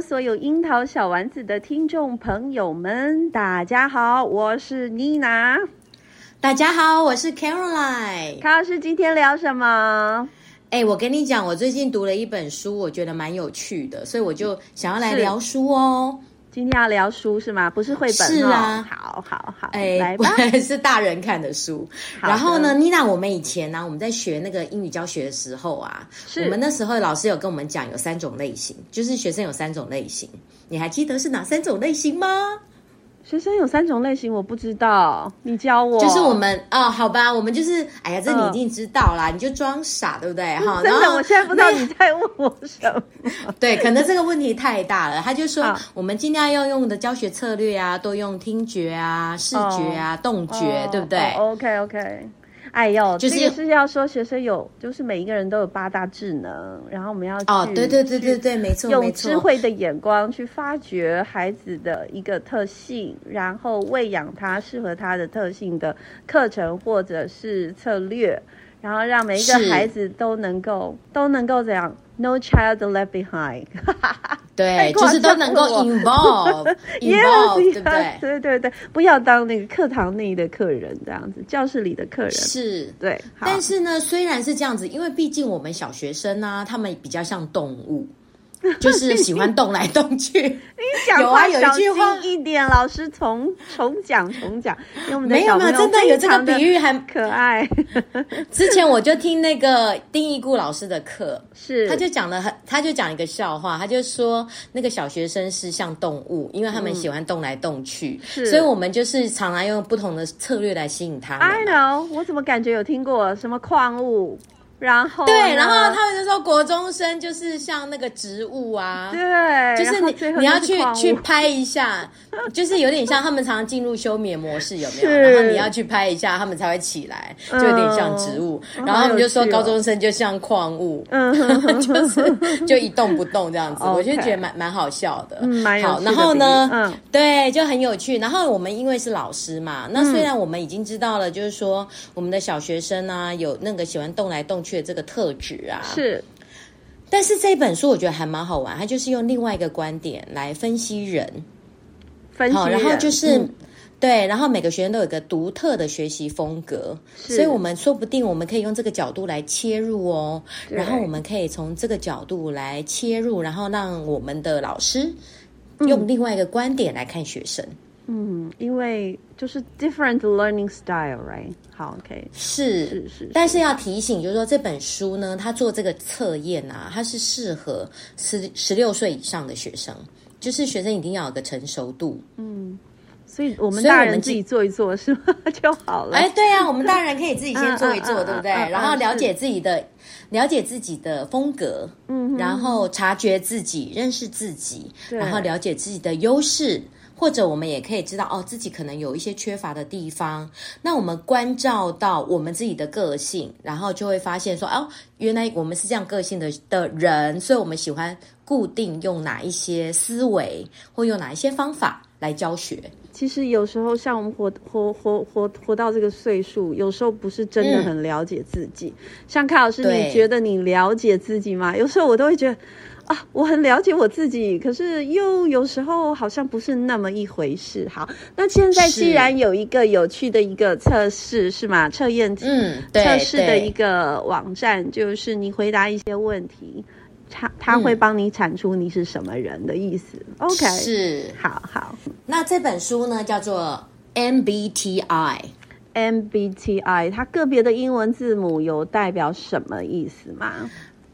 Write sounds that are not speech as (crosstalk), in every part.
所有英桃小玩子的聽眾朋友們，大家好，我是妮娜。大家好，我是 Caroline。卡老師，今天聊什麼？哎、欸，我跟你講，我最近讀了一本書，我覺得蠻有趣的，所以我就想要來聊書哦。今天要聊書是嗎？不是繪本嗎？喔哦？是啊，好好好，哎，欸、 (laughs) 是大人看的書。好的，然後呢，妮娜，我們以前呢、啊，我們在學那個英語教學的時候啊，是我們那時候老師有跟我們講，有三種類型，就是學生有三種類型，你還記得是哪三種類型嗎？學生有三種類型，我不知道，你教我。就是我們哦，好吧，我們就是，哎呀，這你已經知道啦、啊呃，你就裝傻，對不對？哈、哦，然 (laughs) 後，我現在不知道你,你在問我什麼。 (laughs) 對，可能這個問題太大了。他就說，啊、我們盡量要用的教學策略啊，多用聽覺啊、視覺啊、哦、動覺、哦，對不對？OK，OK。哦 okay, okay. 哎呦，就是這個是要說學生有，就是每一個人都有八大智能，然後我們要去，哦、對對對對對，沒錯，用智慧的眼光去發掘孩子的一個特性，然後餵養他適合他的特性的課程或者是策略，然後讓每一個孩子都能夠都能夠怎樣？No child left behind (laughs) 對。對，就是都能夠 involve，yes， (laughs) (laughs) yes，對不對？對對對，不要當那個課堂內的客人這樣子，教室裡的客人是，對。但是呢，雖然是這樣子，因為畢竟我們小學生呢、啊，他們比較像動物。就是喜歡動來動去。 (laughs) 你講話有啊，有一句話，小心一點老師重重講重講。講沒有沒有，真的有這個比喻還，很可愛。 (laughs) 之前我就聽那個丁一顧老師的課，是，他就講了很，他就講一個笑話，他就說那個小學生是像動物，因為他們喜歡動來動去，嗯、所以我們就是常常用不同的策略來吸引他。I know，我怎麼感覺有聽過什麼礦物？然後對，然後他們就說國中生就是像那個植物啊，對，就是你後後就是你要去去拍一下， (laughs) 就是有點像他們常常進入休眠模式有沒有？然後你要去拍一下，他們才會起來，就有點像植物。嗯、然後他們就說高中生就像礦物，嗯、哦， (laughs) (laughs) 就是就一動不動這樣子， (laughs) okay. 我就覺得蠻蠻好笑的、嗯。好，然後呢、嗯，對，就很有趣。然後我們因為是老師嘛，嗯、那雖然我們已經知道了，就是說我們的小學生啊，有那個喜歡動來動去。學這個特質啊，是，但是這本書我覺得還蠻好玩，它就是用另外一個觀點來分析人，分析人，好、哦，然後就是、嗯、對，然後每個學生都有一個獨特的學習風格，所以我們說不定我們可以用這個角度來切入哦，然後我們可以從這個角度來切入，然後讓我們的老師用另外一個觀點來看學生。嗯嗯，因為就是 different learning style，right？好，OK，是是是，但是要提醒，就是說，這本書呢，它做這個測驗啊，它是適合十十六歲以上的學生，就是學生一定要有個成熟度。嗯，所以我們大人自己做一做是嗎？就好了。哎，對啊，我們大人可以自己先做一做， (laughs) 嗯嗯、對不對？然後了解自己的，了解自己的風格，嗯，然後察覺自己，認識自己，然後了解自己的優勢。或者我們也可以知道哦，自己可能有一些缺乏的地方。那我們關照到我們自己的個性，然後就會發現說，哦，原來我們是這樣個性的的人，所以我們喜歡固定用哪一些思維或用哪一些方法來教學。其實有時候像我們活活活活活到這個歲數，有時候不是真的很了解自己。嗯、像卡老師，你覺得你了解自己嗎？有時候我都會覺得。啊、我很了解我自己，可是又有時候好像不是那麼一回事。好，那現在既然有一個有趣的一個測試是，是嗎？測驗嗯，測試的一個網站、嗯，就是你回答一些問題，他他會幫你產出你是什麼人的意思。嗯、OK，是，好好。那這本書呢，叫做 MBTI，MBTI MBTI, 它個別的英文字母有代表什麼意思嗎？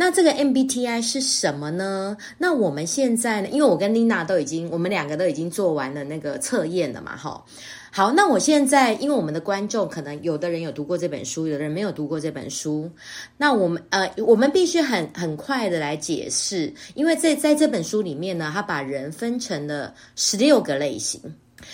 那這個 MBTI 是什麼呢？那我們現在呢？因為我跟琳娜都已經，我們兩個都已經做完了那個測驗了嘛，哈。好，那我現在，因為我們的觀眾可能有的人有讀過這本書，有的人沒有讀過這本書。那我們呃，我們必須很很快的來解釋，因為在在這本書裡面呢，它把人分成了十六個類型，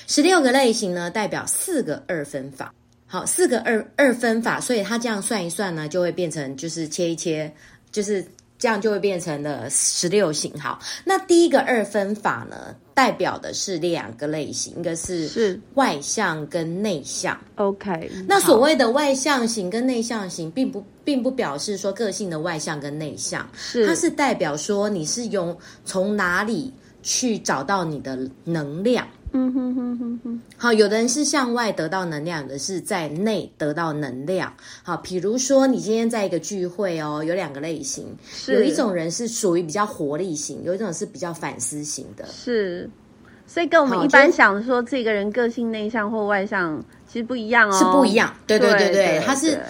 十六個類型呢代表四個二分法。好，四個二二分法，所以它這樣算一算呢，就會變成就是切一切。就是這樣，就會變成了十六型。好，那第一個二分法呢，代表的是兩個類型，一個是是外向跟內向。OK，那所謂的外向型跟內向型，並不並不表示說個性的外向跟內向，是它是代表說你是用從哪裡去找到你的能量。嗯哼哼哼哼，好，有的人是向外得到能量的，是在內得到能量。好，比如說你今天在一個聚會哦，有兩個類型，有一種人是屬於比較活力型，有一種是比較反思型的。是，所以跟我們一般想說這個人個性內向或外向，其實不一樣哦，是不一樣。對對對對，他是對，對，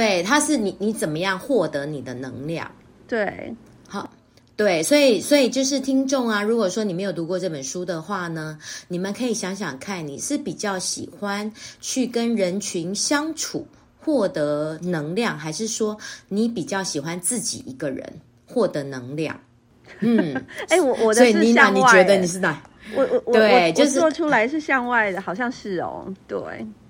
對，他是，是你你怎麼樣獲得你的能量？對，好。對，所以，所以就是聽眾啊，如果說你沒有讀過這本書的話呢，你們可以想想看，你是比較喜歡去跟人群相處獲得能量，還是說你比較喜歡自己一個人獲得能量？嗯，哎、欸，我我的是向外，所以你哪，你覺得你是哪？我我我，對，就是做出來是向外的，好像是哦，對，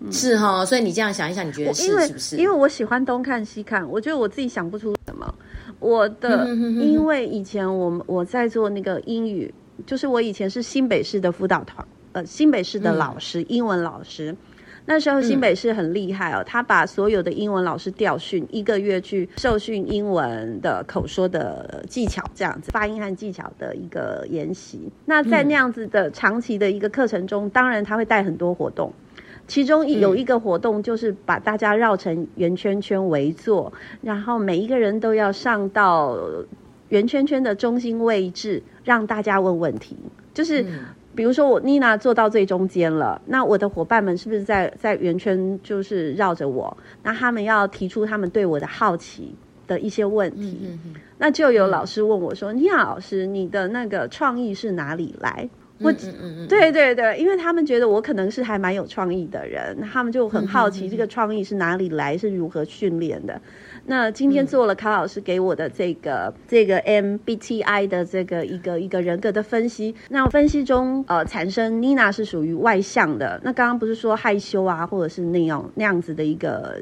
嗯、是哈、哦。所以你這樣想一想，你覺得是是不是？因為我喜歡東看西看，我覺得我自己想不出什麼。我的， (laughs) 因為以前我們我在做那個英語，就是我以前是新北市的輔導團，呃，新北市的老師，嗯、英文老師。那時候新北市很厲害哦，他把所有的英文老師調訓一個月去受訓英文的口說的技巧，這樣子發音和技巧的一個研習。那在那樣子的長期的一個課程中，嗯、當然他會帶很多活動。其中有一個活動，就是把大家繞成圓圈圈圍坐，嗯，然後每一個人都要上到圓圈圈的中心位置，讓大家問問題。就是、嗯、比如說我妮娜坐到最中間了，那我的夥伴們是不是在在圓圈就是繞着我？那他們要提出他們對我的好奇的一些問題。嗯、哼哼，那就有老師問我說：“妮、嗯、娜老師，你的那個創意是哪裡來？”我，對對對，因為他們覺得我可能是還蠻有創意的人，那他們就很好奇這個創意是哪裡來，是如何訓練的。那今天做了卡老師給我的這個這個 MBTI 的這個一個一個人格的分析，那分析中呃產生 Nina 是屬於外向的。那剛剛不是說害羞啊，或者是那樣那樣子的一個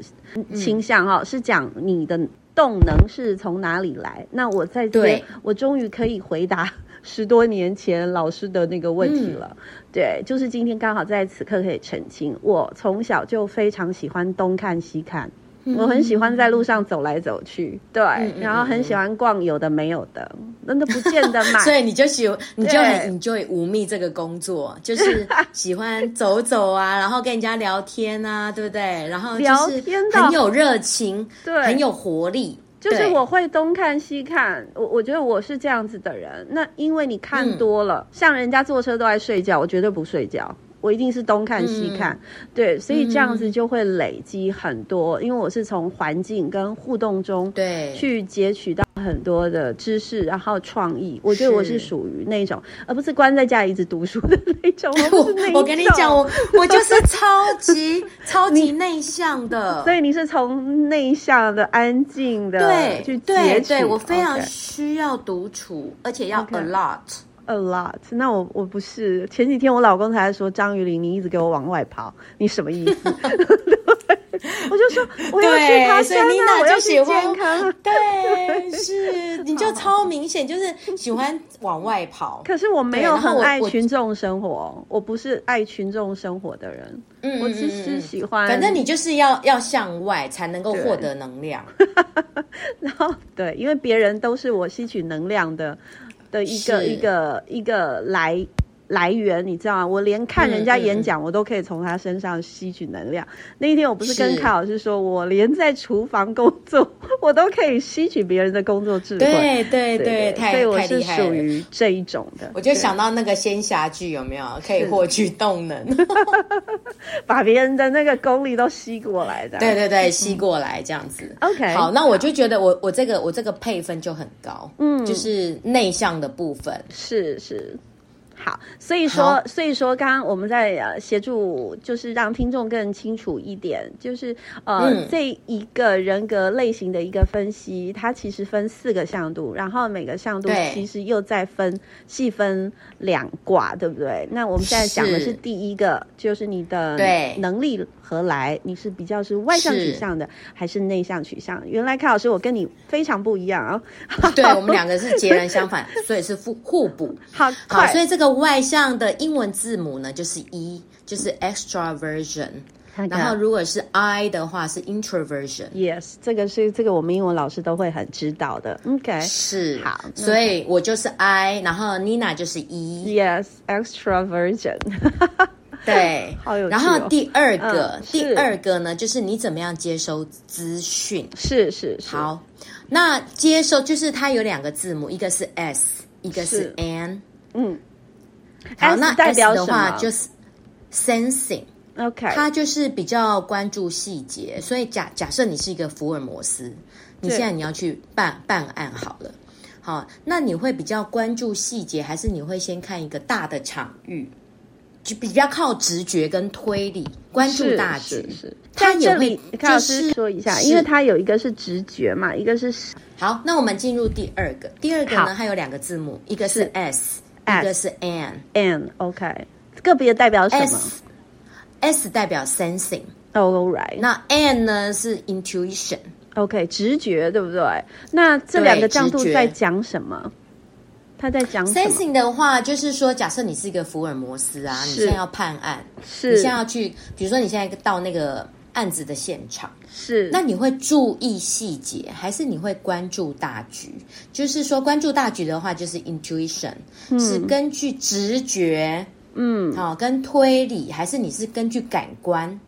傾向哈、哦，是講你的動能是從哪裡來？那我在這邊，對，我終於可以回答。十多年前老師的那個問題了、嗯，對，就是今天剛好在此刻可以澄清。我從小就非常喜歡東看西看，嗯嗯，我很喜歡在路上走來走去，對，嗯嗯嗯，然後很喜歡逛有的沒有的，那都不見得買。 (laughs) 所以你就喜，你就你就會無覓這個工作，就是喜歡走走啊， (laughs) 然後跟人家聊天啊，對不對？然後就是很有熱情，對，很有活力。就是我會東看西看，我我覺得我是這樣子的人。那因為你看多了，嗯、像人家坐車都愛睡覺，我絕對不睡覺。我一定是東看西看，嗯，對，所以這樣子就會累積很多。嗯，因為我是從環境跟互動中，對，去截取到很多的知識，然後創意。我覺得我是屬於那種，而不是關在家裡一直讀書的那種，那種我。我跟你講，我我就是超級 (laughs) 超級內向的。所以你是從內向的、安靜的，對，去截取對對。我非常需要獨處，Okay. 而且要 a lot。Okay. A、lot。那我我，不是前幾天我老公才說，張於玲，你一直給我往外跑，你什麼意思？ (laughs) (laughs) 我就說我要去爬山，啊所以就，我要去健康。對，對是你就超明顯，就是喜歡往外跑。可是我沒有很愛群眾生活 (laughs) 我我，我不是愛群眾生活的人。嗯，嗯，嗯，嗯，我只是喜歡。反正你就是要要向外才能夠獲得能量。 (laughs) 然後對，因為別人都是我吸取能量的。的一個一個一個來。來源你知道嗎？我連看人家演講嗯嗯，我都可以從他身上吸取能量。那一天我不是跟卡老師說，我連在廚房工作，我都可以吸取別人的工作智慧。對對對，對對太太厲害了。所以我是屬於這一種的。我就想到那個仙俠劇，有沒有可以獲取動能， (laughs) (laughs) (laughs) 把別人的那個功力都吸過來的？對對對，吸過來、嗯、這樣子。OK，好，那我就覺得我我這個我這個配分就很高，嗯，就是內向的部分。是是。好，所以說，所以說，剛剛我們在呃協助，就是讓聽眾更清楚一點，就是呃、嗯，這一個人格類型的一個分析，它其實分四個向度，然後每個向度其實又再分細分兩卦，對不對？那我們現在講的是第一個，是就是你的能力。何來，你是比較是外向取向的，是還是內向取向？原來，卡老師，我跟你非常不一樣啊！對，我們兩個是截然相反， (laughs) 所以是互互補。好，好，所以這個外向的英文字母呢，就是 E，就是 extraversion。然後，如果是 I 的話，是 introversion。Yes，這個是這個我們英文老師都會很知道的。OK，是好，okay. 所以我就是 I，然後 Nina 就是 E。Yes，extraversion。 (laughs) 對、嗯好有趣哦，然後第二個、嗯，第二個呢，就是你怎麼樣接收資訊？是是是。好，那接收就是它有兩個字母，一個是 S，一個是 N。是嗯，好，S 那 S, 代表 S 的話就是 sensing okay。OK，它就是比較關注細節，所以假假設你是一個福爾摩斯，你現在你要去辦辦案好了，好，那你會比較關注細節，還是你會先看一個大的場域？嗯就比較靠直覺跟推理，關注大局是,是,是。他有，你看、就是、老師說一下，因為他有一個是直覺嘛，一個是。好，那我們進入第二個。第二個呢，它有兩個字母，一個是 S，, 是一,個是 S, S 一個是 N。N OK，個別代表什麼 S,？S 代表 sensing。All right。那 N 呢是 intuition。OK，直覺對不對？那這兩個角度在講什麼？他在講 Sensing 的話，就是說，假設你是一個福爾摩斯啊，你現在要判案，是，你現在要去，比如說你現在到那個案子的現場，是，那你會注意細節，還是你會關注大局？就是說，關注大局的話，就是 intuition，嗯，是根據直覺，嗯，好，哦，跟推理，還是你是根據感官？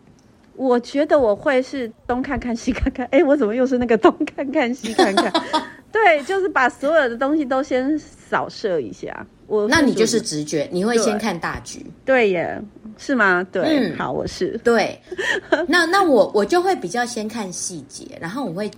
我覺得我會是東看看西看看，哎、欸，我怎麼又是那個東看看西看看？ (laughs) 對，就是把所有的東西都先掃射一下。我，那你就是直覺，你會先看大局。對，對耶。是嗎？對，嗯、好，我是對。那那我我就會比較先看細節， (laughs) 然後我會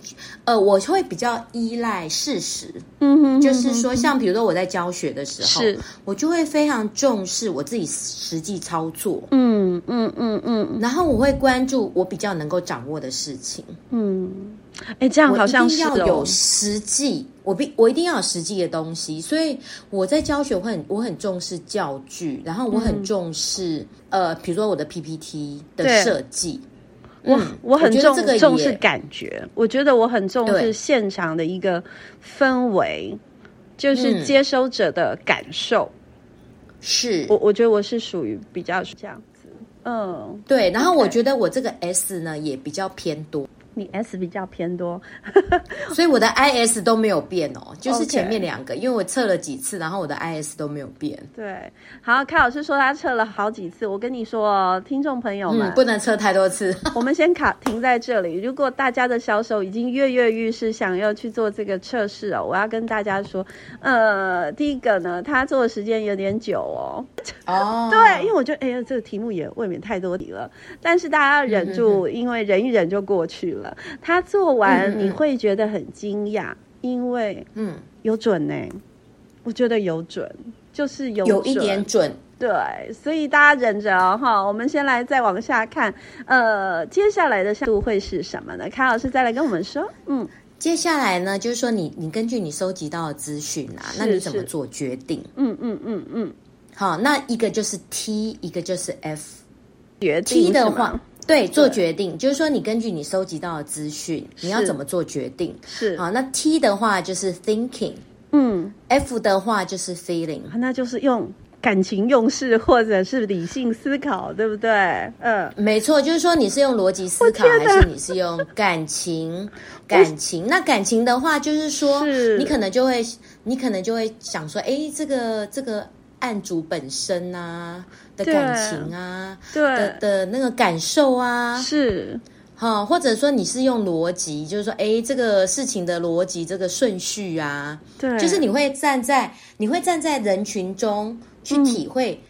呃，我就會比較依賴事實。嗯哼哼哼哼，就是說，像比如說我在教學的時候是，我就會非常重視我自己實際操作。嗯嗯嗯嗯，然後我會關注我比較能夠掌握的事情。嗯。哎，這樣好像是、哦，要有實際，我必我一定要有實際的東西。所以我在教學會，我很我很重視教具，然後我很重視、嗯、呃，比如說我的 PPT 的設計。我、嗯、我很重我這個重視感覺，我覺得我很重視現場的一個氛圍，就是接收者的感受。嗯、是我我覺得我是屬於比較於這樣子，嗯，對、okay。然後我覺得我這個 S 呢也比較偏多。你 S 比較偏多， (laughs) 所以我的 I S 都沒有變哦，okay. 就是前面兩個，因為我測了幾次，然後我的 I S 都沒有變。對，好，卡老師說他測了好幾次。我跟你說，哦，聽眾朋友們，嗯、不能測太多次。 (laughs) 我們先卡停在這裡。如果大家的小手已經躍躍欲試，想要去做這個測試哦，我要跟大家說，呃，第一個呢，他做的時間有點久哦。哦、oh. (laughs) 對，因為我覺得，哎、欸、呀，這個題目也未免太多題了。但是大家要忍住， (laughs) 因為忍一忍就過去了。他做完你會覺得很驚訝，嗯嗯嗯，因為嗯有準呢、欸嗯，我覺得有準，就是有有一點準，對，所以大家忍着啊、哦、哈，我們先來再往下看，呃，接下來的下度會是什麼呢？卡老師再來跟我們說，嗯，接下來呢就是說你你根據你收集到的資訊啊是是，那你怎麼做決定？嗯嗯嗯嗯，好，那一個就是 T，一個就是 F，T 決定是、T、的話。對，做決定就是說，你根據你收集到的資訊，你要怎麼做決定？是，好，那 T 的話就是 thinking，嗯，F 的話就是 feeling，那就是用感情用事或者是理性思考，對不對？嗯，沒錯，就是說你是用邏輯思考，還是你是用感情？ (laughs) 感情？那感情的話，就是說是你可能就會，你可能就會想說，哎、欸，這個這個。案主本身啊的感情啊，對，對的的那個感受啊，是好、哦，或者說你是用邏輯，就是說，誒，這個事情的邏輯，這個順序啊，對，就是你會站在，你會站在人群中去體會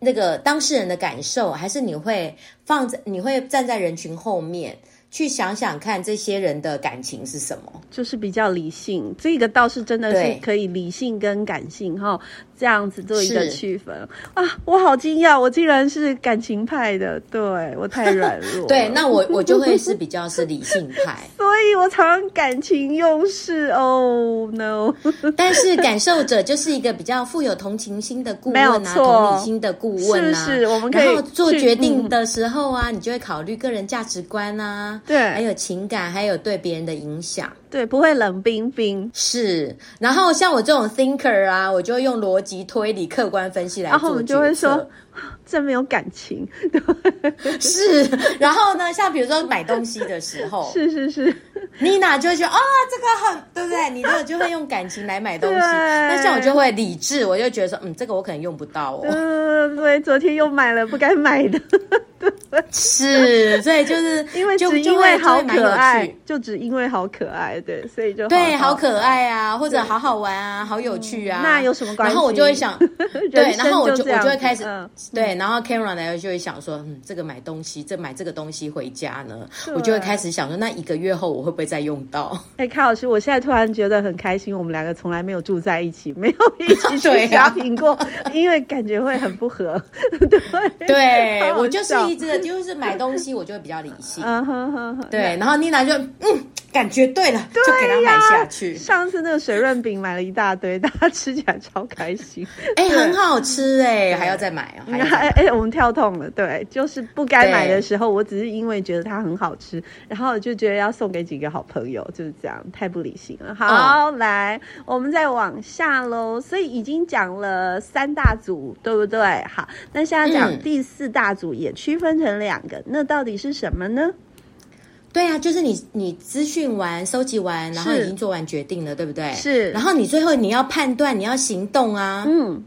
那個當事人的感受、嗯，還是你會放在，你會站在人群後面去想想看這些人的感情是什麼？就是比較理性，這個倒是真的是可以理性跟感性哈。這樣子做一個區分啊！我好驚訝，我竟然是感情派的，對，我太軟弱。 (laughs) 對，那我我就會是比較是理性派， (laughs) 所以我常感情用事哦、oh, no。 (laughs) 但是感受者就是一個比較富有同情心的顧問啊，同理心的顧問啊，是是，我們可以然後做決定的時候啊，嗯、你就會考慮個人價值觀啊，對，還有情感，還有對別人的影響。對，不會冷冰冰。是，然後像我這種 thinker 啊，我就會用邏輯推理、客觀分析來做決策。然後就會說這沒有感情，對。是，然後呢，像比如說買東西的時候， (laughs) 是是是，Nina 就會覺得：哦，啊，這個很對不對？你呢就會用感情來買東西。那 (laughs) 像我就會理智，我就覺得說，嗯，這個我可能用不到哦。嗯、呃，對，昨天又買了不該買的。 (laughs) (laughs) 是，所以就是因為就因為好可愛就，就只因為好可愛，對，所以就好好對好可愛啊，或者好好玩啊、嗯，好有趣啊，那有什麼關係？然後我就會想，對，然後我就我就會開始，嗯、對，然後 camera 呢就會想說，嗯，這個買東西，這買這個東西回家呢，我就會開始想說，那一個月後我會不會再用到？哎，卡老師，我現在突然覺得很開心，我們兩個從來沒有住在一起，沒有一起睡過， (laughs) 對啊、 (laughs) 因為感覺會很不合。對，對我就是一直。就是買東西，我就會比較理性。嗯哼哼哼，對，然後妮娜就嗯，感覺對了，對啊、就給她買下去。上次那個水潤餅買了一大堆，大家吃起來超開心。哎、欸，很好吃哎，還要再買哦。哎、嗯、哎、欸欸，我們跳痛了。對，就是不該買的時候，我只是因為覺得它很好吃，然後就覺得要送給幾個好朋友，就是這樣，太不理性了。好、哦，來，我們再往下嘍。所以已經講了三大組，對不對？好，那現在講第四大組，也區分成。兩個，那到底是什麼呢？對啊，就是你你資訊完、收集完，然後已經做完決定了，對不對？是。然後你最後你要判斷、你要行動啊。嗯，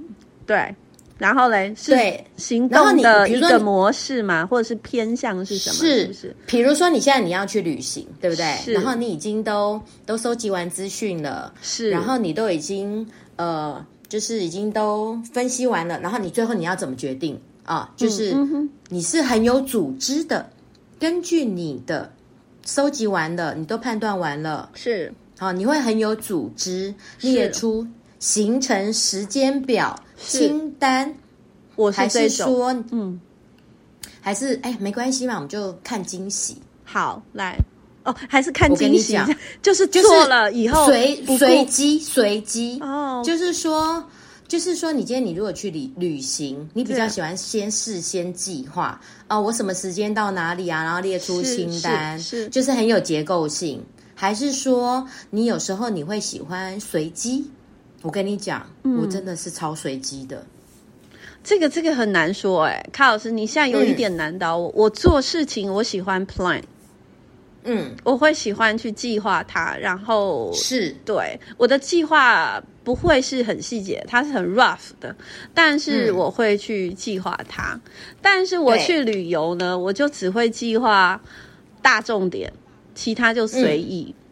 對。然後嘞，對行動的一個模式嘛，或者是偏向是什麼？是是，是。比如說，你現在你要去旅行，對不對？是。然後你已經都都收集完資訊了，是。然後你都已經呃，就是已經都分析完了、嗯，然後你最後你要怎麼決定？啊，就是你是很有組織的，嗯嗯、根據你的收集完了，你都判斷完了，是好、啊，你會很有組織，列出行程時間表清單，我是這種，還是說，嗯，還是哎，沒關係嘛，我們就看驚喜，好來哦，還是看驚喜，就是做了以後隨隨機隨機哦，就是說。就是說，你今天你如果去旅旅行，你比較喜歡先事先計劃啊，呃，我什麼時間到哪裡啊，然後列出清單，是，是，是就是很有結構性。還是說，你有時候你會喜歡隨機？我跟你講，嗯、我真的是超隨機的。這個這個很難說哎，欸，卡老師，你現在有一點難倒我，嗯。我做事情我喜歡 plan。嗯，我會喜歡去計劃它，然後是對我的計劃不會是很細節，它是很 rough 的，但是我會去計劃它。但是我去旅遊呢，我就只會計劃大重點，其他就隨意。嗯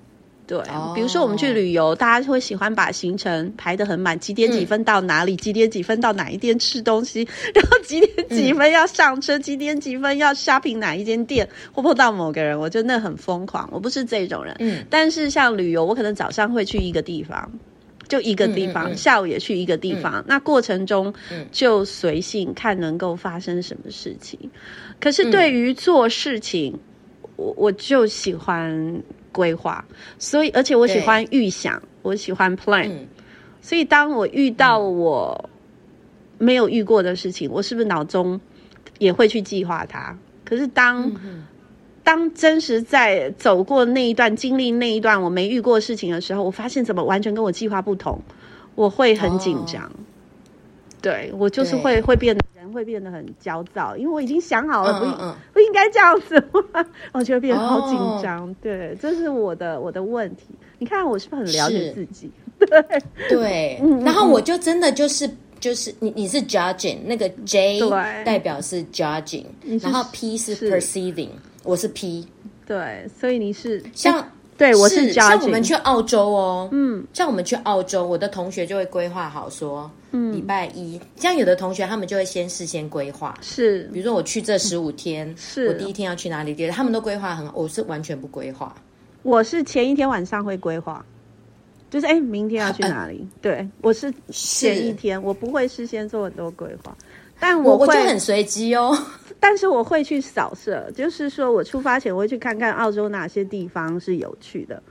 對，比如說我們去旅遊，Oh. 大家會喜歡把行程排得很滿，幾點幾分到哪裡，嗯、幾點幾分到哪一店吃東西，然後幾點幾分要上車，嗯、幾點幾分要 shopping 哪一間店，或碰到某個人，我覺得那很瘋狂。我不是這種人、嗯，但是像旅遊，我可能早上會去一個地方，就一個地方，嗯嗯嗯、下午也去一個地方、嗯嗯，那過程中就隨性看能夠發生什麼事情。可是對於做事情，嗯、我我就喜歡。規劃，所以而且我喜歡預想，我喜歡 plan、嗯。所以當我遇到我沒有遇過的事情，嗯、我是不是腦中也會去計劃它？可是當、嗯、當真實在走過那一段經歷那一段我沒遇過事情的時候，我發現怎麼完全跟我計劃不同，我會很緊張、哦。對我就是會會變。會變得很焦躁，因為我已經想好了、嗯、不、嗯、不應該這樣子， (laughs) 我覺得變得好緊張、哦。對，這是我的我的問題。你看我是不是很了解自己？對對，對。然後我就真的就是就是你你是 judging 那個 J 代表是 judging，是然後 P 是 perceiving，是我是 P。對，所以你是像。對，我是，家是像我們去澳洲哦，嗯，像我們去澳洲，我的同學就會規劃好說，嗯，禮拜一，像有的同學他們就會先事先規劃，是，比如說我去這十五天，嗯、是我第一天要去哪裡，他們都規劃很好，我是完全不規劃，我是前一天晚上會規劃，就是哎，明天要去哪裡，嗯、對，我是前一天，我不會事先做很多規劃。但我會我就很隨機哦，但是我會去掃射，就是說我出發前我會去看看澳洲哪些地方是有趣的，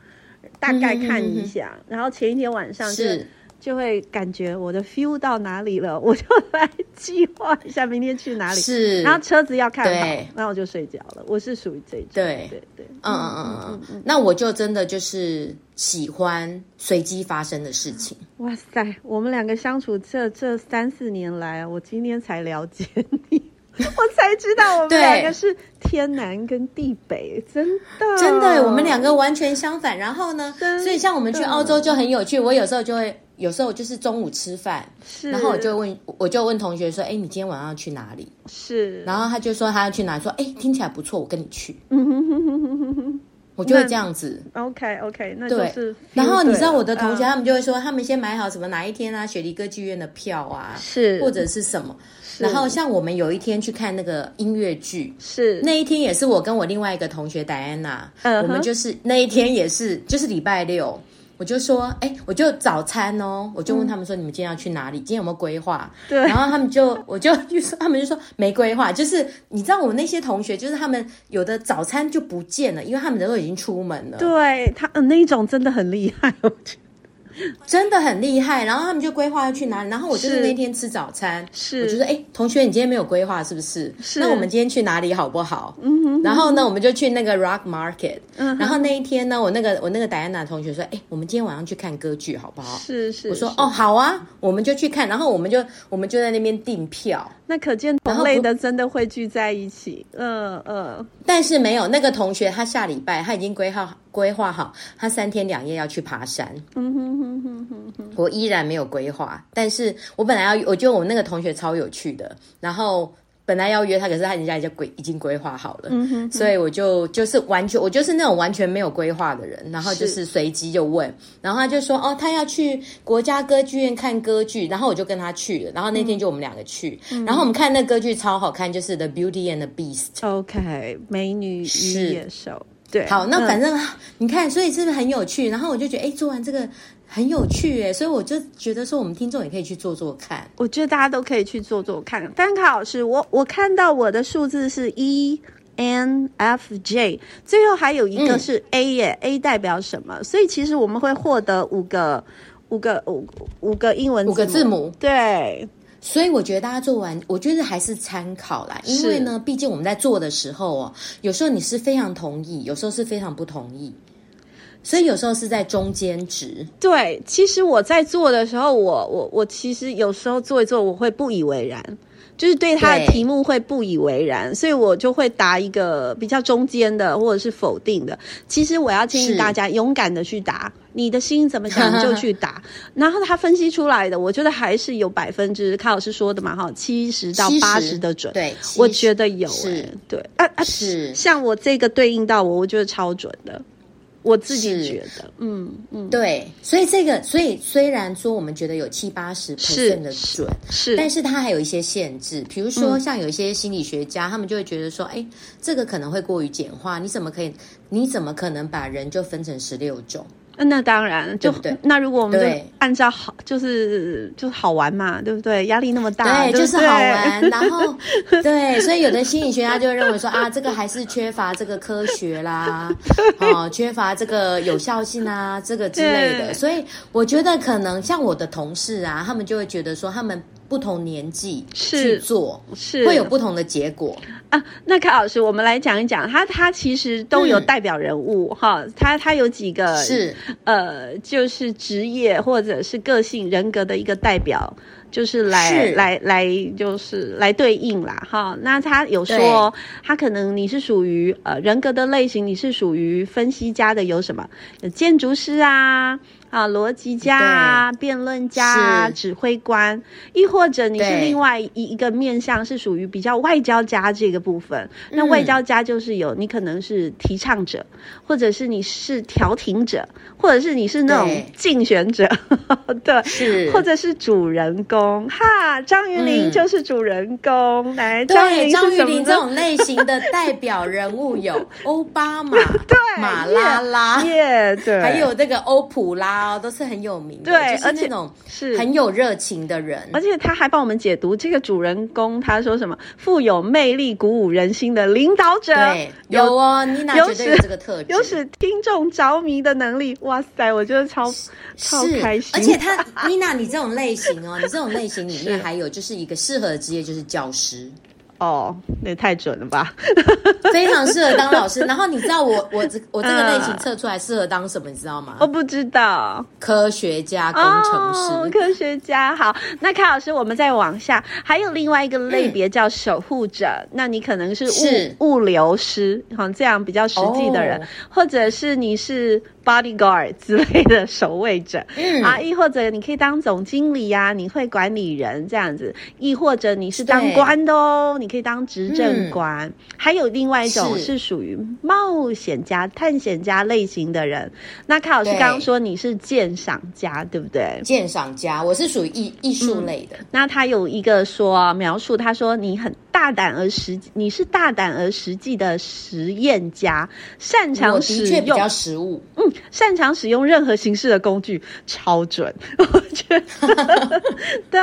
大概看一下，嗯嗯嗯，然後前一天晚上是。就會感覺我的 feel 到哪裡了，我就來計劃一下明天去哪裡。是，然後車子要看好，那我就睡覺了。我是屬於這一種。對對對，嗯嗯嗯嗯嗯，那我就真的就是喜歡隨機發生的事情。哇塞，我們兩個相處這這三四年來，我今天才了解你，我才知道我們兩個是天南跟地北，真的真的，我們兩個完全相反。然後呢，對，所以像我們去澳洲就很有趣，我有時候就會。有時候就是中午吃飯是，然後我就問，我就問同學說：“哎，你今天晚上要去哪裡？”是，然後他就說他要去哪裡，說：“哎，聽起來不錯，我跟你去。”嗯哼哼哼哼哼，我就會這樣子。OK OK，那就是對。然後你知道我的同學，uh, 他們就會說，他們先買好什麼哪一天啊，雪梨歌劇院的票啊，是或者是什麼是。然後像我們有一天去看那個音樂劇，是那一天也是我跟我另外一個同學戴安娜，我們就是那一天也是、嗯、就是禮拜六。我就說，哎、欸，我就早餐哦，我就問他們說，你們今天要去哪裡、嗯？今天有沒有規劃？對，然後他們就，我就，就他們就說沒規劃，就是你知道，我們那些同學，就是他們有的早餐就不見了，因為他們人都已經出門了。對他，嗯、呃，那一種真的很厲害，我覺得。 (laughs) 真的很厲害，然後他們就規劃要去哪裡。然後我就是那天吃早餐，是，我就說，哎、欸，同學，你今天沒有規劃是不是？是。那我們今天去哪裡好不好？然後呢，我們就去那個 Rock Market。嗯。然後那一天呢，我那個我那個戴安娜同學說，哎、欸，我們今天晚上去看歌劇好不好？是是。我說，哦，好啊，我們就去看。然後我們就我們就在那邊訂票。那可見同類的真的會聚在一起。嗯嗯。但是沒有那個同學，他下禮拜他已經規劃規劃好，他三天兩夜要去爬山。嗯哼。 (laughs) 我依然沒有規劃，但是我本來要，我覺得我那個同學超有趣的，然後本來要約他，可是他人家已經規已經規劃好了， (laughs) 所以我就就是完全我就是那種完全沒有規劃的人，然後就是隨機就問，然後他就說哦，他要去國家歌劇院看歌劇，然後我就跟他去了，然後那天就我們兩個去，嗯、然後我們看那個歌劇超好看，就是 The Beauty and the Beast，OK， (laughs) okay, 美女與野獸，對，好，嗯、那反正你看，所以是不是很有趣？然後我就覺得，哎，做完這個。很有趣哎，所以我就覺得說，我們聽眾也可以去做做看。我覺得大家都可以去做做看。丹卡老師，我我看到我的數字是 E N F J，最後還有一個是 A 耶，嗯，A 代表什麼？所以其實我們會獲得五個五個五五個英文五個字母。對，所以我覺得大家做完，我覺得還是參考啦，因為呢，畢竟我們在做的時候哦，有時候你是非常同意，有時候是非常不同意。所以有時候是在中間值。對，其實我在做的時候，我我我其實有時候做一做，我會不以為然，就是對他的題目會不以為然，所以我就會答一個比較中間的或者是否定的。其實我要建議大家勇敢的去答，你的心怎麼想就去答。 (laughs) 然後他分析出來的，我覺得還是有百分之，卡老師說的嘛，哈，七十到八十的準。70, 對，70, 我覺得有、欸是，對，啊啊是。像我這個對應到我，我覺得超準的。我自己覺得，是嗯嗯，對，所以這個，所以雖然說我們覺得有七八十是分的準是，是，但是它還有一些限制，比如說像有一些心理學家、嗯，他們就會覺得說，哎，這個可能會過於簡化，你怎麼可以，你怎麼可能把人就分成十六種？嗯，那當然，就對對，那如果我們按照好，就是就是，好玩嘛，對不對？壓力那麼大，對，對對就是好玩。 (laughs) 然後對，所以有的心理學家就會認為說 (laughs) 啊，這個還是缺乏這個科學啦，哦、啊，缺乏這個有效性啊，這個之類的。所以我覺得可能像我的同事啊，他們就會覺得說，他們不同年紀去做，是會有不同的結果。啊、那卡老師，我們來講一講他，他其實都有代表人物，嗯、哈，他他有幾個是呃，就是職業或者是個性人格的一個代表，就是來來來，來就是來對應啦哈。那他有說，他可能你是屬於呃人格的類型，你是屬於分析家的，有什麼有建築師啊？啊，邏輯家、辯論家、指揮官，亦或者你是另外一一個面向，是屬於比較外交家這個部分。那外交家就是有你可能是提倡者，嗯、或者是你是調停者，或者是你是那種競選者，對， (laughs) 對，或者是主人公。哈，張於玲就是主人公。嗯、來，張於玲，張於玲這種類型的代表人物有歐 (laughs) 巴馬、對、馬拉拉，耶、yeah, yeah，對，還有這個歐普拉。啊，都是很有名的，對，就是、而且那種是很有熱情的人，而且他還幫我們解讀這個主人公，他說什麼富有魅力、鼓舞人心的領導者，有哦，妮娜絕對有這個特質，有使聽眾着迷的能力，哇塞，我覺得超超開心，而且他妮娜，Nina, 你這種類型哦， (laughs) 你這種類型裡面還有就是一個適合的職業就是教師。哦，那太準了吧！ (laughs) 非常適合當老師。然後你知道我我我這個類型測出來適合當什麼、嗯？你知道嗎？我不知道，科學家、工程師、哦、科學家。好，那卡老師，我們再往下，還有另外一個類別、嗯、叫守護者。那你可能是物是物流師，像這樣比較實際的人，哦，或者是你是。Bodyguard 之類的守衛者啊，亦、嗯、或者你可以當總經理呀、啊，你會管理人這樣子，亦或者你是當官的哦，你可以當執政官、嗯。還有另外一種是屬於冒險家、探險家類型的人。那卡老師剛剛說你是鑑賞家對，對不對？鑑賞家，我是屬於藝藝術類的。那他有一個說描述，他說你很大膽而實，你是大膽而實際的實驗家，擅長使用，我的確比較實物，嗯。擅長使用任何形式的工具，超準，我覺得 (laughs) (laughs) 對。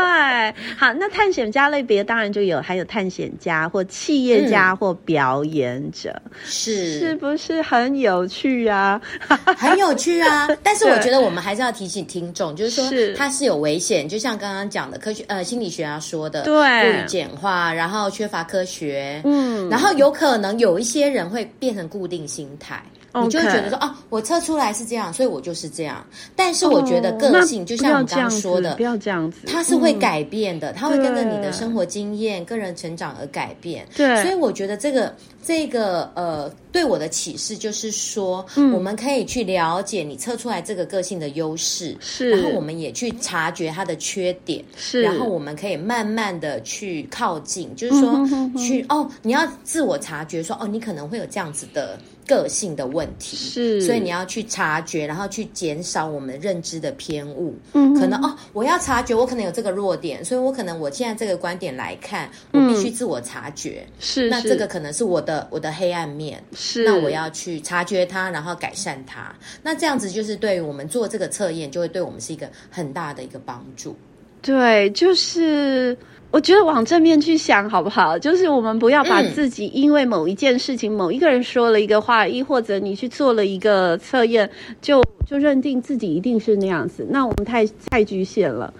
好，那探險家類別當然就有，還有探險家或企業家或表演者，嗯、是是不是很有趣啊？ (laughs) 很有趣啊！但是我覺得我們還是要提醒聽眾，聽眾就是說它是有危險，就像剛剛講的科學呃心理學家、啊、說的，對，過於簡化，然後缺乏科學，嗯，然後有可能有一些人會變成固定心態。你就會覺得說、okay. 啊，我測出來是這樣，所以我就是這樣。但是我覺得個性、oh, 就像你剛剛說的不，不要這樣子，它是會改變的，嗯、它會跟着你的生活經驗、個人成長而改變。對，所以我覺得這個。這個呃，對我的啟示就是說、嗯，我們可以去了解你測出來這個個性的優勢，是，然後我們也去察覺它的缺點，是，然後我們可以慢慢的去靠近，就是說，嗯、哼哼哼，去哦，你要自我察覺說，說哦，你可能會有這樣子的個性的問題，是，所以你要去察覺，然後去減少我們認知的偏誤，嗯哼哼，可能哦，我要察覺，我可能有這個弱點，所以我可能我現在這個觀點來看，嗯、我必須自我察覺，是，是，那這個可能是我的。我的黑暗面，是，那我要去察覺它，然後改善它。那這樣子就是對於我們做這個測驗，就會對我們是一個很大的一個幫助。對，就是我覺得往正面去想，好不好？就是我們不要把自己因為某一件事情、嗯、某一個人說了一個話，亦或者你去做了一個測驗，就就認定自己一定是那樣子。那我們太太局限了。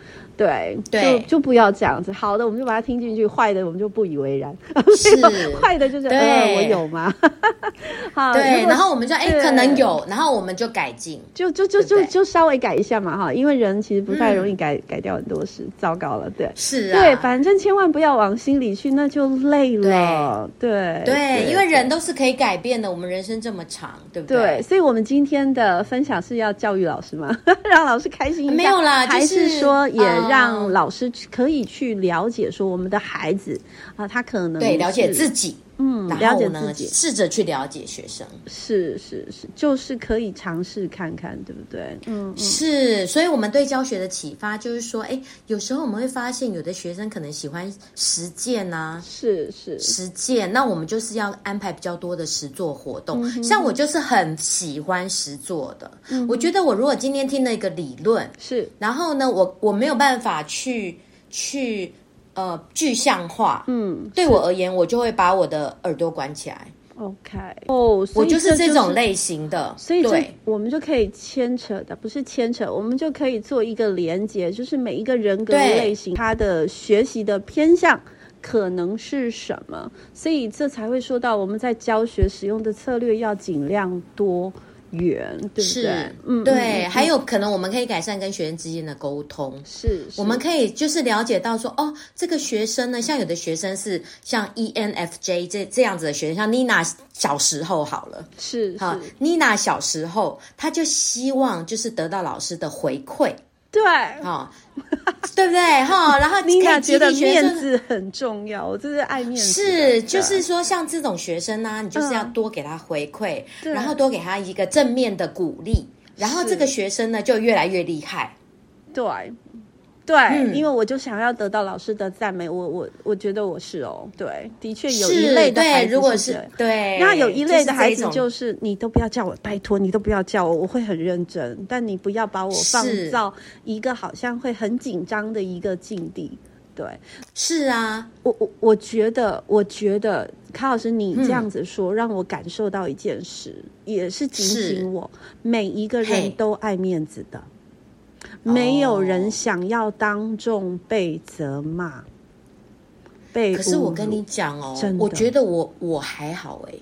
對，就就不要這樣子。好的，我們就把它聽進去；壞的，我們就不以為然。 (laughs) 是，壞的就是、呃、我有嗎？ (laughs) 對，然後我們就哎、欸，可能有，然後我們就改進，就就就就就稍微改一下嘛哈。因為人其實不太容易改、嗯、改掉很多事，糟糕了，對是、啊，對，反正千萬不要往心裡去，那就累了。對對，對，對，對對，因為人都是可以改變的。我們人生這麼長，對不對？對，所以我們今天的分享是要教育老師嗎？ (laughs) 讓老師開心一下。沒有啦，就是、還是說也、呃。讓老師可以去了解說，我們的孩子啊、呃，他可能對了解自己。嗯了解，然後呢，試着去了解學生，是是是，就是可以嘗試看看，對不對？嗯，嗯，是。所以，我們對教學的啟發就是說，誒，有時候我們會發現，有的學生可能喜歡實踐啊，是是，實踐。那我們就是要安排比較多的實作活動。嗯，像我就是很喜歡實作的，嗯，我覺得我如果今天聽了一個理論，是，然後呢，我我沒有辦法去去。呃，具象化。嗯，對我而言，我就會把我的耳朵關起來。OK，哦、oh, 就是，我就是這種類型的。所以，對，我們就可以牽扯的，不是牽扯，我們就可以做一個連接，就是每一個人格的類型，他的學習的偏向可能是什麼。所以，這才會說到我們在教學使用的策略要盡量多。遠，對不對？是對嗯，對、嗯，還有可能我們可以改善跟學生之間的溝通是。是，我們可以就是了解到說，哦，這個學生呢，像有的學生是像 E N F J 這這樣子的學生，像 Nina 小時候好了，是,是好 Nina 小時候她就希望就是得到老師的回饋。對，哈，對不對？哈，然後你倆覺得面子很重要，我就是愛面子。是，就是說，像這種學生呢、啊，你就是要多給他回饋、嗯，然後多給他一個正面的鼓勵，然，然後這個學生呢就越來越厲害。對。對、嗯，因為我就想要得到老師的讚美，我我我覺得我是哦，對，的確有一類的孩子對對，如果是對，那有一類的孩子就是、就是就是、你都不要叫我，拜託你都不要叫我，我會很認真，但你不要把我放到一個好像會很緊張的一個境地。對，是啊，我我我覺得，我覺得，卡老師你這樣子說，嗯、讓我感受到一件事，也是警醒我，每一個人都愛面子的。沒有人想要當眾被責罵，哦、被，可是我跟你講哦，真的我覺得我我還好誒，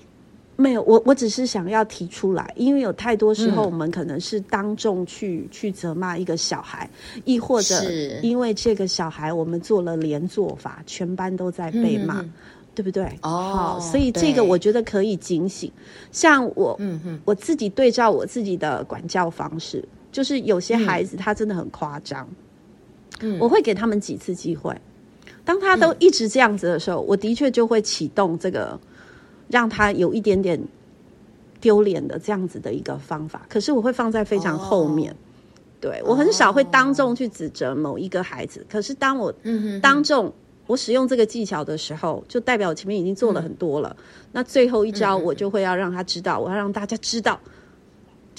沒有，我我只是想要提出來，因為有太多時候我們可能是當眾去、嗯、去責罵一個小孩，亦或者因為這個小孩我們做了連坐法，全班都在被罵，嗯、對不對？哦對，所以這個我覺得可以警醒，像我，嗯哼，我自己對照我自己的管教方式。就是有些孩子他真的很誇張、嗯，我會給他們幾次機會。當他都一直這樣子的時候，嗯、我的確就會啟動這個，讓他有一點點丟臉的這樣子的一個方法。可是我會放在非常後面，哦、對、哦、我很少會當眾去指責某一個孩子。可是當我當眾我使用這個技巧的時候，就代表我前面已經做了很多了。嗯、那最後一招，我就會要讓他知道，嗯、我要讓大家知道。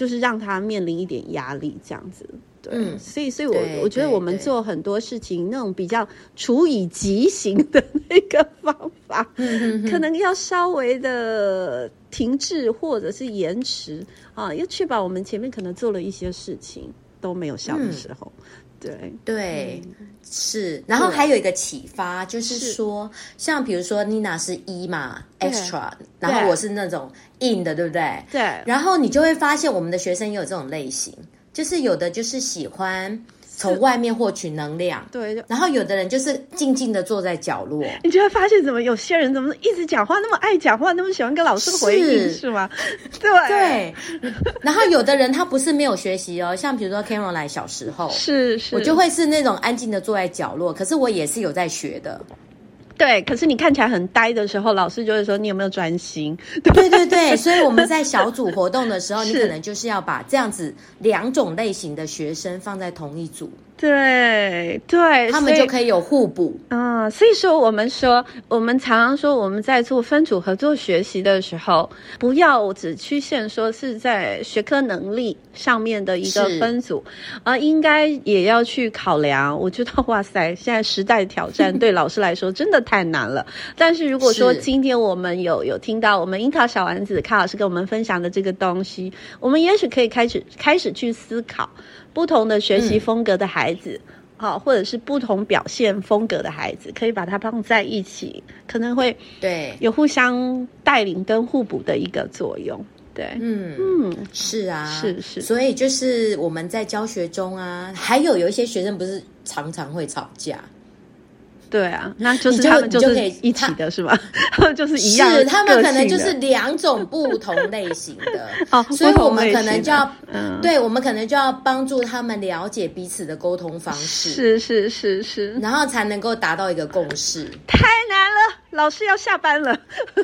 就是讓他面臨一點壓力，這樣子，對、嗯，所以，所以我我覺得我們做很多事情那種比較處以極刑的那個方法，嗯、哼哼可能要稍微的停滯或者是延遲啊，要確保我們前面可能做了一些事情都沒有效的時候。嗯對對、嗯、是，然後還有一個啟發就是說是，像比如說 Nina 是 E 嘛 Extra，然後我是那種 in 的對，對不對？對，然後你就會發現我們的學生也有這種類型，就是有的就是喜歡。從外面獲取能量，對。然後有的人就是靜靜的坐在角落。你就會發現，怎麼有些人怎麼一直講話，那麼愛講話，那麼喜歡跟老師回應？是,是嗎？對、啊、對。 (laughs) 然後有的人他不是沒有學習哦，像比如說 Caroline 小時候，是是，我就會是那種安靜的坐在角落，可是我也是有在學的。對，可是你看起來很呆的時候，老師就會說你有沒有專心，對吧？對對對，所以我們在小組活動的時候， (laughs) 你可能就是要把這樣子兩種類型的學生放在同一組。對對，他們就可以有互補啊、嗯。所以說，我們說，我們常常說，我們在做分組合作學習的時候，不要只局限說是在學科能力上面的一個分組，而應該也要去考量。我覺得，哇塞，現在時代挑戰 (laughs) 對老師來說真的太難了。但是，如果說今天我們有有聽到我們英桃小玩子卡老師跟我們分享的這個東西，我們也許可以開始開始去思考。不同的學習風格的孩子，好、嗯啊，或者是不同表現風格的孩子，可以把它放在一起，可能會對有互相帶領跟互補的一個作用。對，嗯嗯，是啊，是是。所以就是我們在教學中啊，還有有一些學生不是常常會吵架？對啊，那就是他們就可以一起的是嗎？就，就，他 (laughs) 就是一樣的個性的，是他們可能就是兩種不同類型的， (laughs) 哦，所以我們可能就要、嗯，對，我們可能就要幫助他們了解彼此的溝通方式，是是是是，然後才能夠達到一個共識，太難了。老師要下班了 (laughs) 對，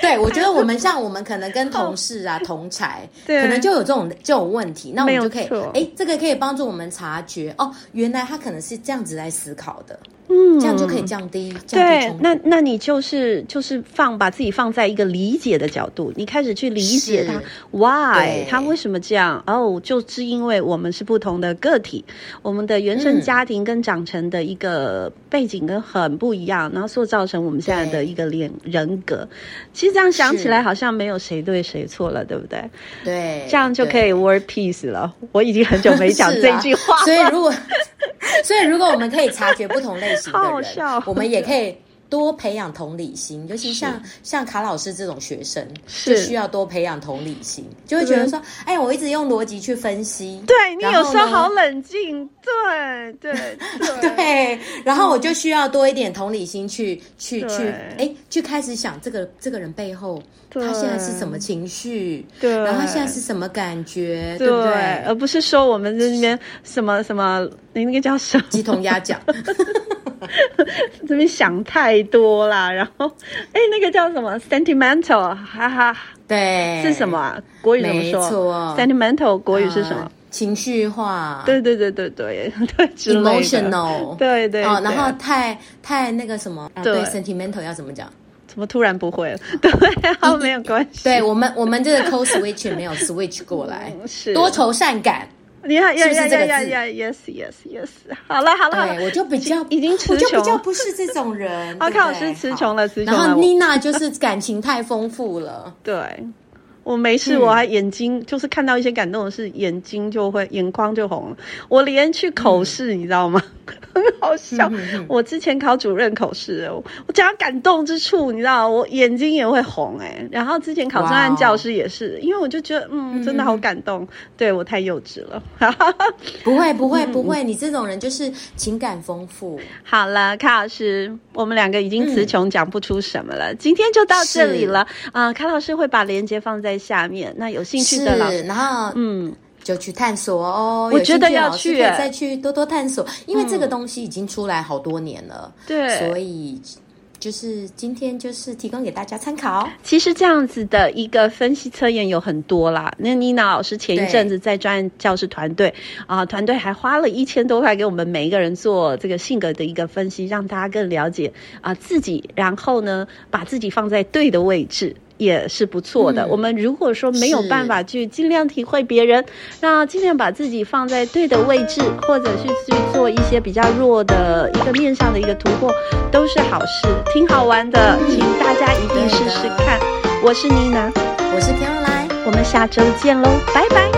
對，我覺得我們像我們可能跟同事啊 (laughs) 同儕、啊，可能就有這種這種問題，那我們就可以哎、欸，這個可以幫助我們察覺哦，原來他可能是這樣子來思考的，嗯，這樣就可以降低對，降低那，那你就是就是放把自己放在一個理解的角度，你開始去理解他 why 他為什麼這樣哦，oh, 就是因為我們是不同的個體，我們的原生家庭跟長成的一個背景跟很不一樣，嗯、然後塑造成我們現在的一個臉人格，其實這樣想起來好像沒有誰對誰錯了，對不對？對，這樣就可以 world peace 了。我已經很久沒講這句話了，啊。所以如果， (laughs) 所以如果我們可以察覺不同類型的人，好好笑，我們也可以。 (laughs) 多培養同理心，尤其像像卡老師這種學生，就需要多培養同理心，就會覺得說，哎、嗯欸，我一直用邏輯去分析，對，對你有時候好冷靜，對對對，然後我就需要多一點同理心去去、嗯、去，哎、欸，去開始想這個這個人背後他現在是什麼情緒，對，然後現在是什麼感覺，對，對不對，對？而不是說我們這邊什麼什麼。你那個叫什麼？雞同鴨講， (laughs) 這邊想太多啦。然後，哎，那個叫什麼？sentimental，哈哈，對是什麼、啊？國語怎麼說？sentimental，國語是什麼、呃？情緒化。對對對對對，emotion。a 對對，對對。哦，然後太太那個什麼？呃、對，對，對，sentimental 要怎麼講？怎麼突然不會了？啊、對，然後沒有關係。嗯、對我們，我們就是摳 switch，沒有 switch 過來，多愁善感。你好，Yeah Yeah Yeah Yes Yes Yes，好了，好了，好了，好了，我就比較已經詞窮，我就比較不是這種人。我看老師詞窮了，詞 (laughs) 窮。然後妮娜就是感情太豐富了， (laughs) 對。我沒事，我還眼睛就是看到一些感動的事，嗯、眼睛就會眼眶就紅了。我連去口試、嗯，你知道嗎？很好笑。嗯嗯嗯，我之前考主任口試，我講感動之處，你知道，我眼睛也會紅哎、欸。然後之前考專案教師也是，因為我就覺得嗯，真的好感動。嗯嗯，對，我太幼稚了，哈哈。不會，不會，不會。你這種人就是情感豐富。嗯、好了，卡老師，我們兩個已經詞窮，講不出什麼了、嗯。今天就到這裡了啊、呃。卡老師會把鏈接放在。在下面，那有興趣的老師，然後嗯，就去探索哦、嗯。我覺得要去，再去多多探索、嗯，因為這個東西已經出來好多年了。對，所以就是今天就是提供給大家參考。其實這樣子的一個分析測驗有很多啦。那妮娜老師前一陣子在專案教師團隊啊、呃，團隊還花了一千多塊給我們每一個人做這個性格的一個分析，讓大家更了解啊、呃、自己，然後呢，把自己放在對的位置。也是不錯的、嗯。我們如果說沒有辦法去盡量體會別人，那盡量把自己放在對的位置，或者是去做一些比較弱的一個面上的一個突破，都是好事，挺好玩的。嗯、請大家一定試試看。我是妮娜，我是田榮來，我們下周見嘍，拜拜。